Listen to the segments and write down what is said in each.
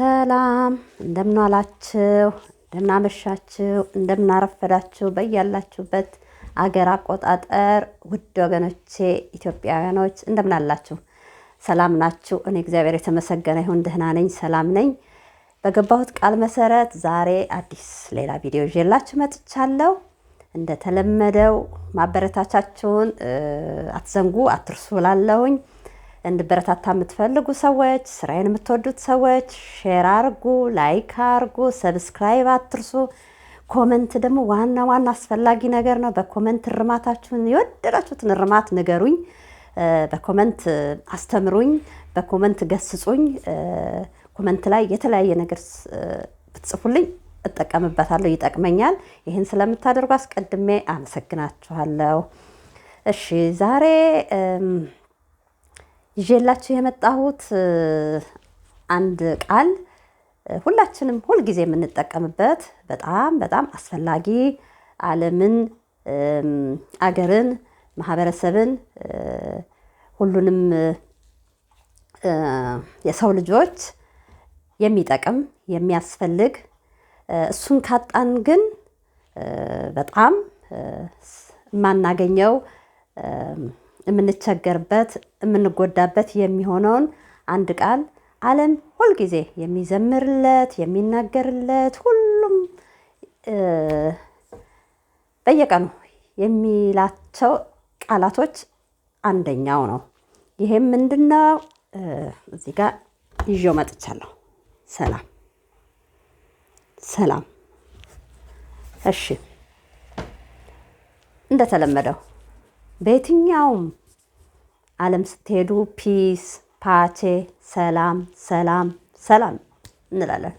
ሰላም እንደምናላችው እንደምናመሻችው እንደምናረፈዳችሁ በያላችሁበት አገር አቆጣጠር ውድ ወገኖቼ ኢትዮጵያውያኖች እንደምናላችሁ ሰላም ናችሁ? እኔ እግዚአብሔር የተመሰገነ ይሁን ደህና ነኝ፣ ሰላም ነኝ። በገባሁት ቃል መሰረት ዛሬ አዲስ ሌላ ቪዲዮ ይዤላችሁ መጥቻለሁ። እንደተለመደው ማበረታቻችሁን አትዘንጉ፣ አትርሱ ላለሁኝ እንድበረታታ የምትፈልጉ ሰዎች፣ ስራዬን የምትወዱት ሰዎች ሼር አርጉ፣ ላይክ አርጉ፣ ሰብስክራይብ አትርሱ። ኮመንት ደግሞ ዋና ዋና አስፈላጊ ነገር ነው። በኮመንት እርማታችሁን የወደዳችሁትን እርማት ንገሩኝ፣ በኮመንት አስተምሩኝ፣ በኮመንት ገስጹኝ። ኮመንት ላይ የተለያየ ነገር ብትጽፉልኝ እጠቀምበታለሁ፣ ይጠቅመኛል። ይህን ስለምታደርጉ አስቀድሜ አመሰግናችኋለሁ። እሺ ዛሬ ይዤላችሁ የመጣሁት አንድ ቃል ሁላችንም ሁልጊዜ የምንጠቀምበት በጣም በጣም አስፈላጊ ዓለምን፣ አገርን፣ ማህበረሰብን፣ ሁሉንም የሰው ልጆች የሚጠቅም የሚያስፈልግ እሱን ካጣን ግን በጣም የማናገኘው የምንቸገርበት የምንጎዳበት የሚሆነውን አንድ ቃል ዓለም ሁልጊዜ የሚዘምርለት የሚናገርለት ሁሉም በየቀኑ የሚላቸው ቃላቶች አንደኛው ነው። ይሄም ምንድነው? እዚህ ጋር ይዤው መጥቻለሁ። ሰላም ሰላም። እሺ እንደተለመደው በየትኛውም ዓለም ስትሄዱ ፒስ ፓቼ ሰላም ሰላም ሰላም እንላለን።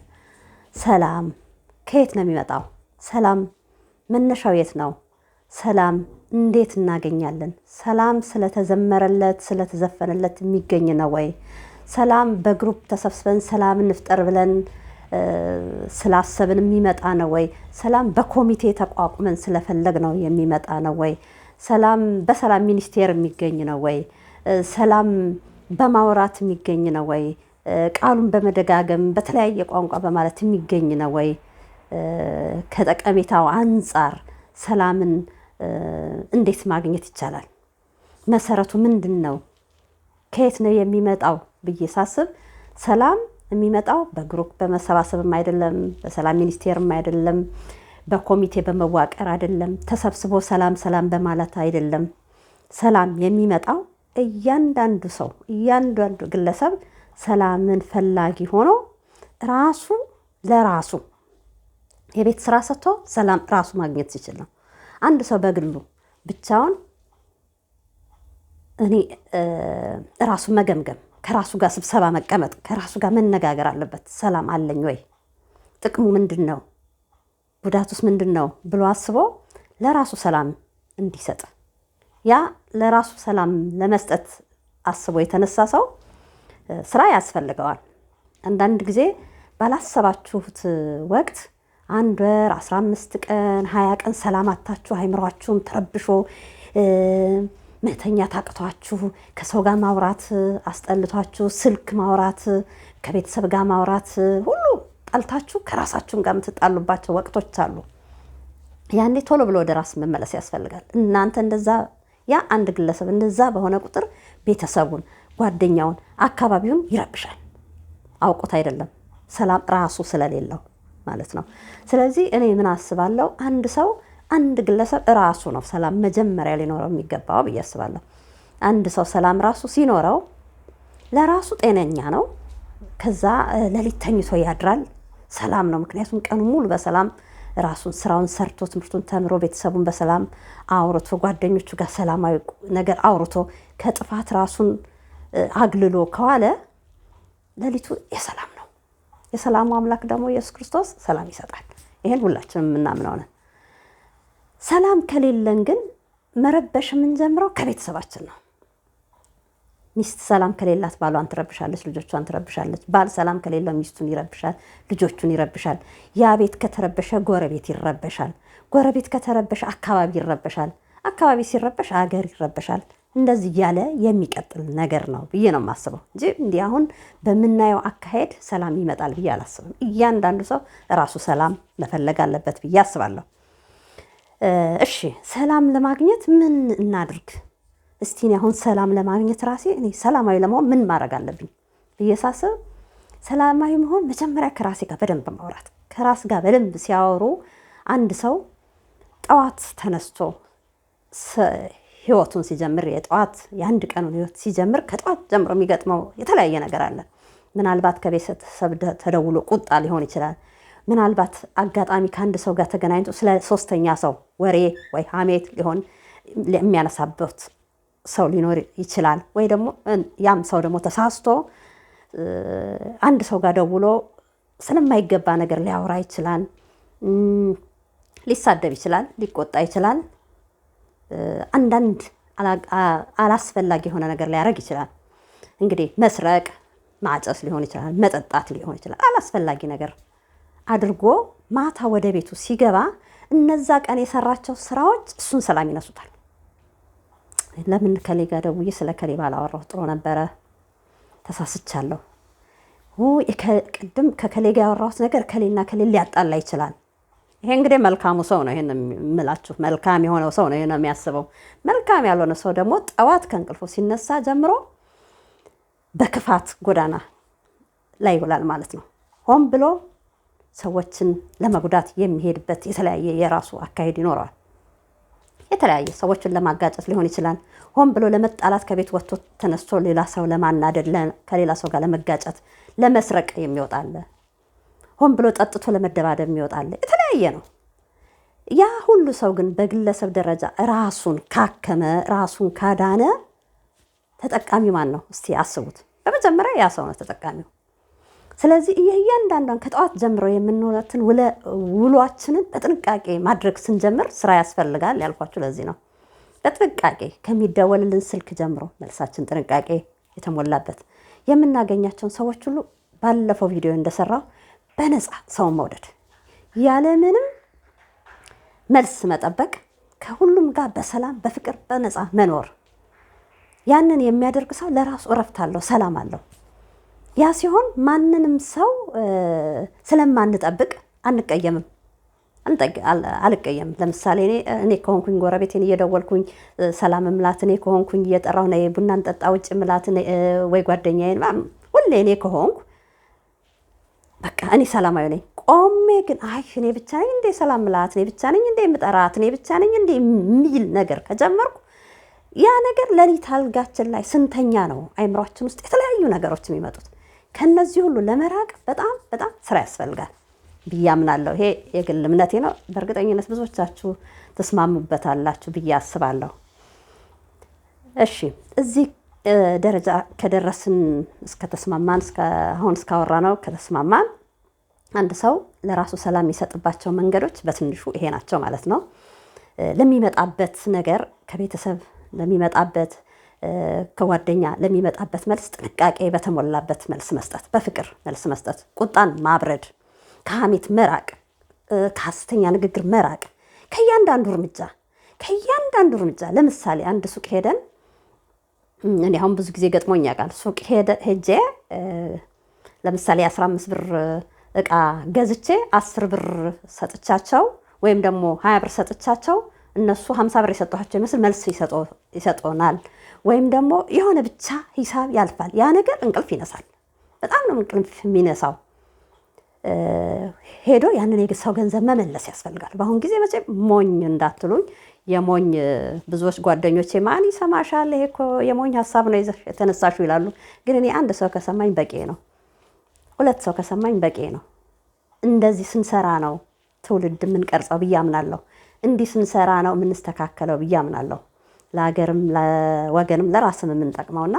ሰላም ከየት ነው የሚመጣው? ሰላም መነሻው የት ነው? ሰላም እንዴት እናገኛለን? ሰላም ስለተዘመረለት ስለተዘፈነለት የሚገኝ ነው ወይ? ሰላም በግሩፕ ተሰብስበን ሰላም እንፍጠር ብለን ስላሰብን የሚመጣ ነው ወይ? ሰላም በኮሚቴ ተቋቁመን ስለፈለግ ነው የሚመጣ ነው ወይ? ሰላም በሰላም ሚኒስቴር የሚገኝ ነው ወይ? ሰላም በማውራት የሚገኝ ነው ወይ? ቃሉን በመደጋገም በተለያየ ቋንቋ በማለት የሚገኝ ነው ወይ? ከጠቀሜታው አንጻር ሰላምን እንዴት ማግኘት ይቻላል? መሰረቱ ምንድን ነው? ከየት ነው የሚመጣው ብዬ ሳስብ ሰላም የሚመጣው በግሩፕ በመሰባሰብም አይደለም፣ በሰላም ሚኒስቴርም አይደለም፣ በኮሚቴ በመዋቀር አይደለም፣ ተሰብስቦ ሰላም ሰላም በማለት አይደለም። ሰላም የሚመጣው እያንዳንዱ ሰው እያንዳንዱ ግለሰብ ሰላምን ፈላጊ ሆኖ ራሱ ለራሱ የቤት ስራ ሰጥቶ ሰላም ራሱ ማግኘት ሲችል ነው። አንድ ሰው በግሉ ብቻውን እኔ ራሱ መገምገም፣ ከራሱ ጋር ስብሰባ መቀመጥ፣ ከራሱ ጋር መነጋገር አለበት። ሰላም አለኝ ወይ? ጥቅሙ ምንድን ነው? ጉዳቱስ ምንድን ነው? ብሎ አስቦ ለራሱ ሰላም እንዲሰጥ ያ ለራሱ ሰላም ለመስጠት አስቦ የተነሳ ሰው ስራ ያስፈልገዋል። አንዳንድ ጊዜ ባላሰባችሁት ወቅት አንድ ወር አምስት ቀን ሀያ ቀን ሰላም አታችሁ አይምሯችሁም ተረብሾ መተኛ ታቅቷችሁ ከሰው ጋር ማውራት አስጠልቷችሁ ስልክ ማውራት ከቤተሰብ ጋር ማውራት ሁሉ ጠልታችሁ ከራሳችሁም ጋር የምትጣሉባቸው ወቅቶች አሉ። ያኔ ቶሎ ብሎ ወደ ራስ መመለስ ያስፈልጋል። እናንተ እንደዛ ያ አንድ ግለሰብ እንደዛ በሆነ ቁጥር ቤተሰቡን፣ ጓደኛውን፣ አካባቢውን ይረብሻል። አውቆት አይደለም፣ ሰላም ራሱ ስለሌለው ማለት ነው። ስለዚህ እኔ ምን አስባለሁ፣ አንድ ሰው አንድ ግለሰብ ራሱ ነው ሰላም መጀመሪያ ሊኖረው የሚገባው ብዬ አስባለሁ። አንድ ሰው ሰላም ራሱ ሲኖረው ለራሱ ጤነኛ ነው። ከዛ ሌሊት ተኝቶ ያድራል፣ ሰላም ነው። ምክንያቱም ቀኑ ሙሉ በሰላም ራሱን ስራውን ሰርቶ ትምህርቱን ተምሮ ቤተሰቡን በሰላም አውርቶ ጓደኞቹ ጋር ሰላማዊ ነገር አውርቶ ከጥፋት ራሱን አግልሎ ከዋለ ሌሊቱ የሰላም ነው። የሰላሙ አምላክ ደግሞ ኢየሱስ ክርስቶስ ሰላም ይሰጣል። ይሄን ሁላችንም የምናምነው ነን። ሰላም ከሌለን ግን መረበሽ የምንጀምረው ከቤተሰባችን ነው። ሚስት ሰላም ከሌላት ባሏን ትረብሻለች፣ ልጆቿን ትረብሻለች። ባል ሰላም ከሌለው ሚስቱን ይረብሻል፣ ልጆቹን ይረብሻል። ያ ቤት ከተረበሸ ጎረቤት ይረበሻል፣ ጎረቤት ከተረበሸ አካባቢ ይረበሻል፣ አካባቢ ሲረበሽ አገር ይረበሻል። እንደዚህ እያለ የሚቀጥል ነገር ነው ብዬ ነው የማስበው እንጂ እንዲህ አሁን በምናየው አካሄድ ሰላም ይመጣል ብዬ አላስብም። እያንዳንዱ ሰው ራሱ ሰላም መፈለግ አለበት ብዬ አስባለሁ። እሺ ሰላም ለማግኘት ምን እናድርግ? እስቲ እኔ አሁን ሰላም ለማግኘት ራሴ እኔ ሰላማዊ ለመሆን ምን ማድረግ አለብኝ ብየሳስብ ሰላማዊ መሆን መጀመሪያ ከራሴ ጋር በደንብ ማውራት። ከራስ ጋር በደንብ ሲያወሩ አንድ ሰው ጠዋት ተነስቶ ህይወቱን ሲጀምር የጠዋት የአንድ ቀኑን ህይወት ሲጀምር ከጠዋት ጀምሮ የሚገጥመው የተለያየ ነገር አለ። ምናልባት ከቤተሰብ ተደውሎ ቁጣ ሊሆን ይችላል። ምናልባት አጋጣሚ ከአንድ ሰው ጋር ተገናኝቶ ስለ ሶስተኛ ሰው ወሬ ወይ ሀሜት ሊሆን የሚያነሳበት ሰው ሊኖር ይችላል። ወይ ደግሞ ያም ሰው ደግሞ ተሳስቶ አንድ ሰው ጋር ደውሎ ስለማይገባ ነገር ሊያወራ ይችላል፣ ሊሳደብ ይችላል፣ ሊቆጣ ይችላል፣ አንዳንድ አላስፈላጊ የሆነ ነገር ሊያደርግ ይችላል። እንግዲህ መስረቅ፣ ማጨስ ሊሆን ይችላል፣ መጠጣት ሊሆን ይችላል። አላስፈላጊ ነገር አድርጎ ማታ ወደ ቤቱ ሲገባ እነዛ ቀን የሰራቸው ስራዎች እሱን ሰላም ይነሱታል። ለምን ከሌ ጋር ደውዬ ስለ ከሌ ባላወራሁ ጥሩ ነበረ፣ ተሳስቻለሁ፣ ቅድም ከከሌ ጋር ያወራሁት ነገር ከሌና ከሌ ሊያጣላ ይችላል። ይሄ እንግዲህ መልካሙ ሰው ነው ይሄን የምላችሁ። መልካም የሆነው ሰው ነው ይሄን የሚያስበው። መልካም ያልሆነ ሰው ደግሞ ጠዋት ከእንቅልፎ ሲነሳ ጀምሮ በክፋት ጎዳና ላይ ይውላል ማለት ነው። ሆን ብሎ ሰዎችን ለመጉዳት የሚሄድበት የተለያየ የራሱ አካሄድ ይኖረዋል። የተለያየ ሰዎችን ለማጋጨት ሊሆን ይችላል። ሆን ብሎ ለመጣላት ከቤት ወጥቶ ተነስቶ ሌላ ሰው ለማናደድ፣ ከሌላ ሰው ጋር ለመጋጨት፣ ለመስረቅ የሚወጣለ ሆን ብሎ ጠጥቶ ለመደባደብ የሚወጣለ የተለያየ ነው። ያ ሁሉ ሰው ግን በግለሰብ ደረጃ ራሱን ካከመ ራሱን ካዳነ ተጠቃሚ ማን ነው? እስቲ አስቡት። በመጀመሪያ ያ ሰው ነው ተጠቃሚው። ስለዚህ እያንዳንዷን ከጠዋት ጀምሮ የምንውለትን ውሏችንን በጥንቃቄ ማድረግ ስንጀምር ስራ ያስፈልጋል ያልኳችሁ ለዚህ ነው። በጥንቃቄ ከሚደወልልን ስልክ ጀምሮ መልሳችን ጥንቃቄ የተሞላበት የምናገኛቸውን ሰዎች ሁሉ ባለፈው ቪዲዮ እንደሰራው በነፃ ሰውን መውደድ ያለምንም መልስ መጠበቅ ከሁሉም ጋር በሰላም በፍቅር በነፃ መኖር። ያንን የሚያደርግ ሰው ለራሱ እረፍት አለው፣ ሰላም አለው። ያ ሲሆን ማንንም ሰው ስለማንጠብቅ አንቀየምም። አልቀየም ለምሳሌ እኔ ከሆንኩኝ ጎረቤቴን እየደወልኩኝ ሰላም ምላት፣ እኔ ከሆንኩኝ እየጠራሁ ነይ ቡና እንጠጣ ውጭ ምላት፣ ወይ ጓደኛዬን ሁሌ እኔ ከሆንኩ በቃ እኔ ሰላማዊ ነኝ። ቆሜ ግን አይ እኔ ብቻ ነኝ እንዴ ሰላም ምላት፣ እኔ ብቻ ነኝ እንዴ ምጠራት፣ እኔ ብቻ ነኝ እንዴ የሚል ነገር ከጀመርኩ ያ ነገር ሌሊት አልጋችን ላይ ስንተኛ ነው አይምሯችን ውስጥ የተለያዩ ነገሮች የሚመጡት። ከነዚህ ሁሉ ለመራቅ በጣም በጣም ስራ ያስፈልጋል ብዬ አምናለሁ። ይሄ የግል እምነቴ ነው። በእርግጠኝነት ብዙዎቻችሁ ተስማሙበታላችሁ ብዬ አስባለሁ። እሺ እዚህ ደረጃ ከደረስን እስከተስማማን አሁን እስካወራ ነው ከተስማማን አንድ ሰው ለራሱ ሰላም የሚሰጥባቸው መንገዶች በትንሹ ይሄ ናቸው ማለት ነው። ለሚመጣበት ነገር ከቤተሰብ ለሚመጣበት ከጓደኛ ለሚመጣበት መልስ ጥንቃቄ በተሞላበት መልስ መስጠት፣ በፍቅር መልስ መስጠት፣ ቁጣን ማብረድ፣ ከሀሜት መራቅ፣ ከሐሰተኛ ንግግር መራቅ፣ ከእያንዳንዱ እርምጃ ከእያንዳንዱ እርምጃ። ለምሳሌ አንድ ሱቅ ሄደን እኔ አሁን ብዙ ጊዜ ገጥሞኝ ያውቃል። ሱቅ ሄጄ ለምሳሌ የአስራ ብር እቃ ገዝቼ አስር ብር ሰጥቻቸው ወይም ደግሞ ሀያ ብር ሰጥቻቸው እነሱ ሀምሳ ብር የሰጧቸው ይመስል መልስ ይሰጡናል። ወይም ደግሞ የሆነ ብቻ ሂሳብ ያልፋል። ያ ነገር እንቅልፍ ይነሳል። በጣም ነው እንቅልፍ የሚነሳው። ሄዶ ያንን የግሳው ገንዘብ መመለስ ያስፈልጋል። በአሁን ጊዜ መቼ ሞኝ እንዳትሉኝ፣ የሞኝ ብዙዎች ጓደኞቼ ማን ይሰማሻል፣ ይሄ እኮ የሞኝ ሀሳብ ነው ይዘሽ የተነሳሹ ይላሉ። ግን እኔ አንድ ሰው ከሰማኝ በቂ ነው። ሁለት ሰው ከሰማኝ በቂ ነው። እንደዚህ ስንሰራ ነው ትውልድ የምንቀርጸው ብዬ አምናለሁ። እንዲህ ስንሰራ ነው የምንስተካከለው ብዬ አምናለሁ። ለሀገርም ለወገንም ለራስም የምንጠቅመውና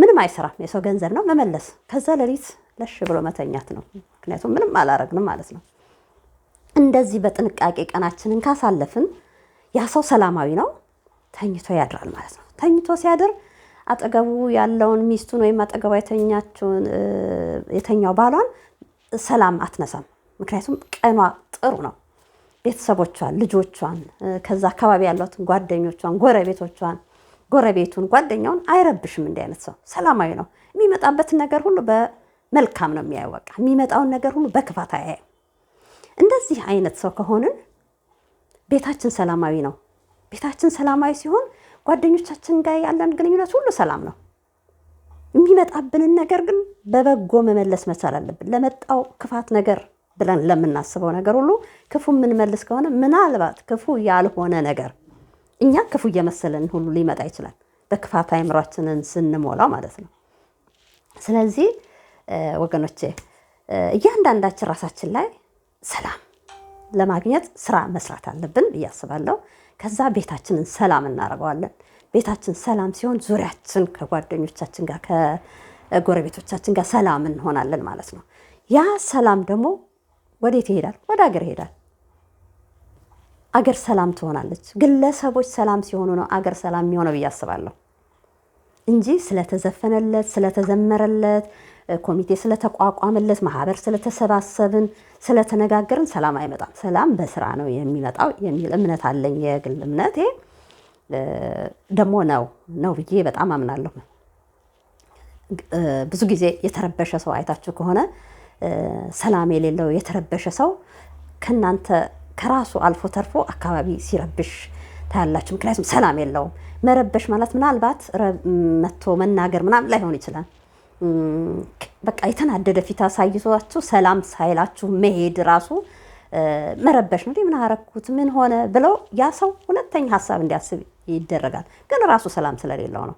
ምንም አይሰራም። የሰው ገንዘብ ነው መመለስ፣ ከዛ ሌሊት ለሽ ብሎ መተኛት ነው። ምክንያቱም ምንም አላረግንም ማለት ነው። እንደዚህ በጥንቃቄ ቀናችንን ካሳለፍን ያ ሰው ሰላማዊ ነው፣ ተኝቶ ያድራል ማለት ነው። ተኝቶ ሲያድር አጠገቡ ያለውን ሚስቱን ወይም አጠገቧ የተኛችውን የተኛው ባሏን ሰላም አትነሳም። ምክንያቱም ቀኗ ጥሩ ነው። ቤተሰቦቿን፣ ልጆቿን፣ ከዛ አካባቢ ያሏትን ጓደኞቿን፣ ጎረቤቶቿን፣ ጎረቤቱን፣ ጓደኛውን አይረብሽም። እንዲህ አይነት ሰው ሰላማዊ ነው። የሚመጣበትን ነገር ሁሉ በመልካም ነው የሚያየው። በቃ የሚመጣውን ነገር ሁሉ በክፋት አያየም። እንደዚህ አይነት ሰው ከሆንን ቤታችን ሰላማዊ ነው። ቤታችን ሰላማዊ ሲሆን ጓደኞቻችን ጋር ያለን ግንኙነት ሁሉ ሰላም ነው። የሚመጣብንን ነገር ግን በበጎ መመለስ መቻል አለብን። ለመጣው ክፋት ነገር ብለን ለምናስበው ነገር ሁሉ ክፉ የምንመልስ ከሆነ ምናልባት ክፉ ያልሆነ ነገር እኛ ክፉ እየመሰለን ሁሉ ሊመጣ ይችላል፣ በክፋት አይምሯችንን ስንሞላው ማለት ነው። ስለዚህ ወገኖቼ እያንዳንዳችን ራሳችን ላይ ሰላም ለማግኘት ስራ መስራት አለብን ብዬ አስባለሁ። ከዛ ቤታችንን ሰላም እናደርገዋለን። ቤታችን ሰላም ሲሆን ዙሪያችን ከጓደኞቻችን ጋር ከጎረቤቶቻችን ጋር ሰላም እንሆናለን ማለት ነው። ያ ሰላም ደግሞ ወዴት ይሄዳል? ወደ አገር ይሄዳል። አገር ሰላም ትሆናለች። ግለሰቦች ሰላም ሲሆኑ ነው አገር ሰላም የሚሆነው ብዬ አስባለሁ እንጂ ስለተዘፈነለት፣ ስለተዘመረለት፣ ኮሚቴ ስለተቋቋመለት፣ ማህበር ስለተሰባሰብን፣ ስለተነጋገርን ሰላም አይመጣም። ሰላም በስራ ነው የሚመጣው የሚል እምነት አለኝ። የግል እምነቴ ደግሞ ነው ነው ብዬ በጣም አምናለሁ። ብዙ ጊዜ የተረበሸ ሰው አይታችሁ ከሆነ ሰላም የሌለው የተረበሸ ሰው ከእናንተ ከራሱ አልፎ ተርፎ አካባቢ ሲረብሽ ታያላችሁ። ምክንያቱም ሰላም የለውም። መረበሽ ማለት ምናልባት መጥቶ መናገር ምናምን ላይሆን ይችላል። በቃ የተናደደ ፊት አሳይቷችሁ ሰላም ሳይላችሁ መሄድ ራሱ መረበሽ ነው። ምን አረኩት ምን ሆነ ብለው ያ ሰው ሁለተኛ ሀሳብ እንዲያስብ ይደረጋል። ግን ራሱ ሰላም ስለሌለው ነው።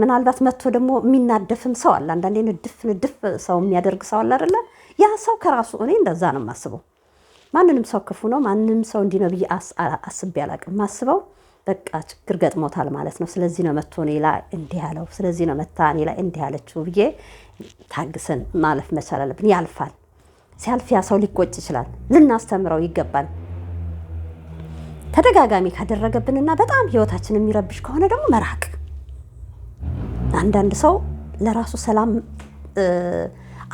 ምናልባት መጥቶ ደግሞ የሚናደፍም ሰው አለ። አንዳንዴ ንድፍ ንድፍ ሰው የሚያደርግ ሰው አለ አይደለ? ያ ሰው ከራሱ እኔ እንደዛ ነው የማስበው። ማንንም ሰው ክፉ ነው ማንንም ሰው እንዲህ ነው ብዬ አስቤ አላቅም። ማስበው በቃ ችግር ገጥሞታል ማለት ነው። ስለዚህ ነው መጥቶ እኔ ላይ እንዲህ ያለው፣ ስለዚህ ነው መታ እኔ ላይ እንዲህ ያለችው ብዬ ታግሰን ማለፍ መቻል አለብን። ያልፋል። ሲያልፍ ያ ሰው ሊቆጭ ይችላል። ልናስተምረው ይገባል። ተደጋጋሚ ካደረገብንና በጣም ህይወታችን የሚረብሽ ከሆነ ደግሞ መራቅ አንዳንድ ሰው ለራሱ ሰላም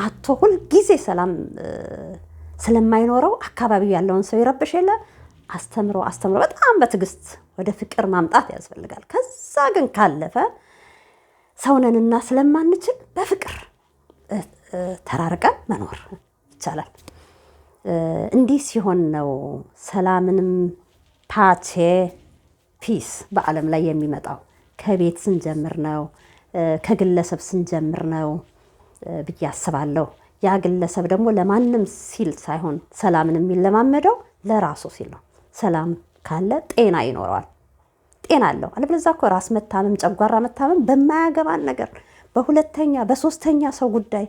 አቶ ሁል ጊዜ ሰላም ስለማይኖረው አካባቢው ያለውን ሰው ይረብሽ የለ አስተምሮ አስተምሮ በጣም በትዕግስት ወደ ፍቅር ማምጣት ያስፈልጋል። ከዛ ግን ካለፈ ሰውነንና ስለማንችል በፍቅር ተራርቀን መኖር ይቻላል። እንዲህ ሲሆን ነው ሰላምንም ፓቼ ፒስ በዓለም ላይ የሚመጣው ከቤት ስንጀምር ነው። ከግለሰብ ስንጀምር ነው ብዬ አስባለሁ። ያ ግለሰብ ደግሞ ለማንም ሲል ሳይሆን ሰላምን የሚለማመደው ለራሱ ሲል ነው። ሰላም ካለ ጤና ይኖረዋል፣ ጤና አለው። አለበለዚያ እኮ ራስ መታመም፣ ጨጓራ መታመም በማያገባን ነገር በሁለተኛ በሶስተኛ ሰው ጉዳይ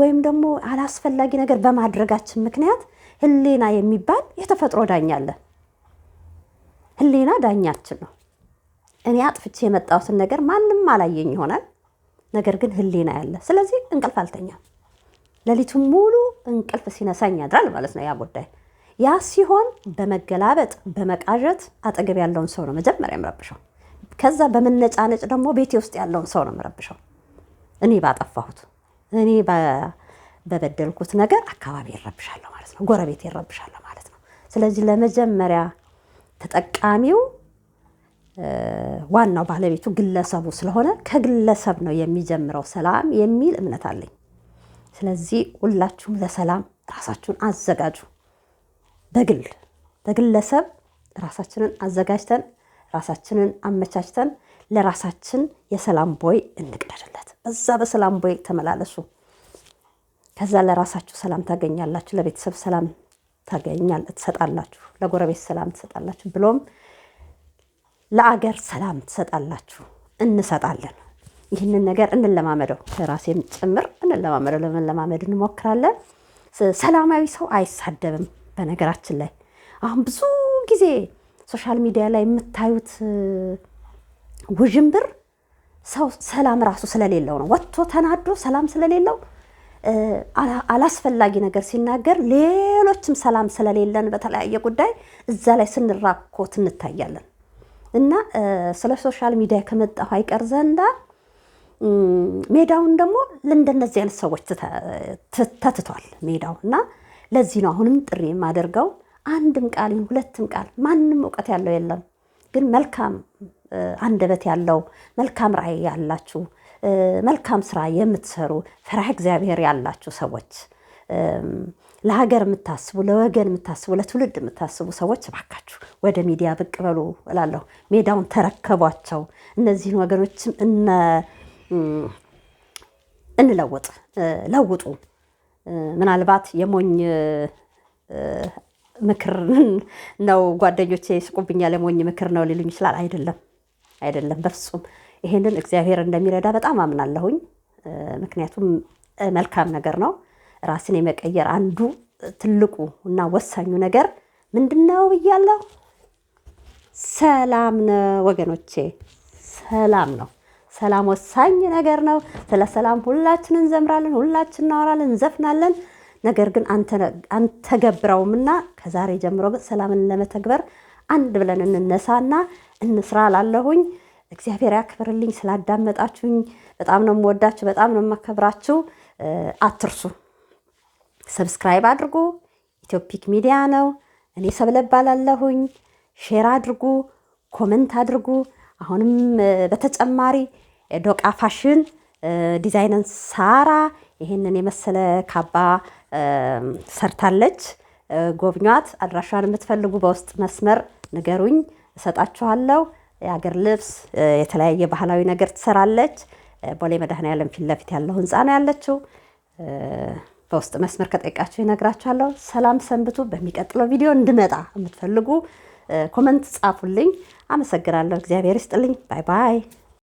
ወይም ደግሞ አላስፈላጊ ነገር በማድረጋችን ምክንያት ህሊና የሚባል የተፈጥሮ ዳኛ አለ። ህሊና ዳኛችን ነው። እኔ አጥፍቼ የመጣሁትን ነገር ማንም አላየኝ ይሆናል። ነገር ግን ህሊና ያለ፣ ስለዚህ እንቅልፍ አልተኛም። ሌሊቱን ሙሉ እንቅልፍ ሲነሳኝ ያድራል ማለት ነው ያ ጉዳይ። ያ ሲሆን በመገላበጥ በመቃዠት አጠገብ ያለውን ሰው ነው መጀመሪያ የምረብሸው። ከዛ በመነጫነጭ ደግሞ ቤቴ ውስጥ ያለውን ሰው ነው የምረብሸው። እኔ ባጠፋሁት እኔ በበደልኩት ነገር አካባቢ ይረብሻለሁ ማለት ነው፣ ጎረቤት ይረብሻለሁ ማለት ነው። ስለዚህ ለመጀመሪያ ተጠቃሚው ዋናው ባለቤቱ ግለሰቡ ስለሆነ ከግለሰብ ነው የሚጀምረው ሰላም የሚል እምነት አለኝ። ስለዚህ ሁላችሁም ለሰላም ራሳችሁን አዘጋጁ። በግል በግለሰብ ራሳችንን አዘጋጅተን ራሳችንን አመቻችተን ለራሳችን የሰላም ቦይ እንቅደድለት። በዛ በሰላም ቦይ ተመላለሱ። ከዛ ለራሳችሁ ሰላም ታገኛላችሁ፣ ለቤተሰብ ሰላም ታገኛል ትሰጣላችሁ፣ ለጎረቤት ሰላም ትሰጣላችሁ ብሎም ለአገር ሰላም ትሰጣላችሁ። እንሰጣለን። ይህንን ነገር እንለማመደው፣ ራሴም ጭምር እንለማመደው፣ ለመለማመድ እንሞክራለን። ሰላማዊ ሰው አይሳደብም። በነገራችን ላይ አሁን ብዙ ጊዜ ሶሻል ሚዲያ ላይ የምታዩት ውዥንብር ሰው ሰላም ራሱ ስለሌለው ነው። ወጥቶ ተናዶ ሰላም ስለሌለው አላስፈላጊ ነገር ሲናገር ሌሎችም ሰላም ስለሌለን በተለያየ ጉዳይ እዛ ላይ ስንራኮት እንታያለን። እና ስለ ሶሻል ሚዲያ ከመጣሁ አይቀር ዘንዳ ሜዳውን ደግሞ ለእንደነዚህ አይነት ሰዎች ተትቷል ሜዳው እና ለዚህ ነው አሁንም ጥሪ የማደርገው አንድም ቃል ሁለትም ቃል ማንም እውቀት ያለው የለም ግን መልካም አንደበት ያለው መልካም ራዕይ ያላችሁ መልካም ስራ የምትሰሩ ፈሪሃ እግዚአብሔር ያላችሁ ሰዎች ለሀገር የምታስቡ ለወገን የምታስቡ ለትውልድ የምታስቡ ሰዎች እባካችሁ ወደ ሚዲያ ብቅ በሉ እላለሁ። ሜዳውን ተረከቧቸው። እነዚህን ወገኖችም እንለውጥ፣ ለውጡ። ምናልባት የሞኝ ምክር ነው ጓደኞቼ ይስቁብኛል፣ የሞኝ ምክር ነው ሊሉኝ ይችላል። አይደለም፣ አይደለም፣ በፍጹም ይሄንን እግዚአብሔር እንደሚረዳ በጣም አምናለሁኝ። ምክንያቱም መልካም ነገር ነው። ራስን የመቀየር አንዱ ትልቁ እና ወሳኙ ነገር ምንድን ነው ብያለሁ? ሰላም ነው ወገኖቼ፣ ሰላም ነው። ሰላም ወሳኝ ነገር ነው። ስለ ሰላም ሁላችን እንዘምራለን፣ ሁላችን እናወራለን፣ እንዘፍናለን። ነገር ግን አንተገብረውምና ከዛሬ ጀምሮ ግን ሰላምን ለመተግበር አንድ ብለን እንነሳና እንስራ ላለሁኝ እግዚአብሔር ያክብርልኝ። ስላዳመጣችሁኝ በጣም ነው የምወዳችሁ፣ በጣም ነው የማከብራችሁ። አትርሱ። ሰብስክራይብ አድርጉ። ኢትዮፒክ ሚዲያ ነው። እኔ ሰብለ ባላለሁኝ ሼር አድርጉ፣ ኮመንት አድርጉ። አሁንም በተጨማሪ ዶቃ ፋሽን ዲዛይነን ሳራ ይህንን የመሰለ ካባ ሰርታለች። ጎብኟት። አድራሿን የምትፈልጉ በውስጥ መስመር ንገሩኝ፣ እሰጣችኋለሁ። የሀገር ልብስ፣ የተለያየ ባህላዊ ነገር ትሰራለች። ቦሌ መድኃኔዓለም ፊት ለፊት ያለው ህንፃ ነው ያለችው። በውስጥ መስመር ከጠይቃችሁ ይነግራችኋለሁ። ሰላም ሰንብቱ። በሚቀጥለው ቪዲዮ እንድመጣ የምትፈልጉ ኮመንት ጻፉልኝ። አመሰግናለሁ። እግዚአብሔር ይስጥልኝ። ባይ ባይ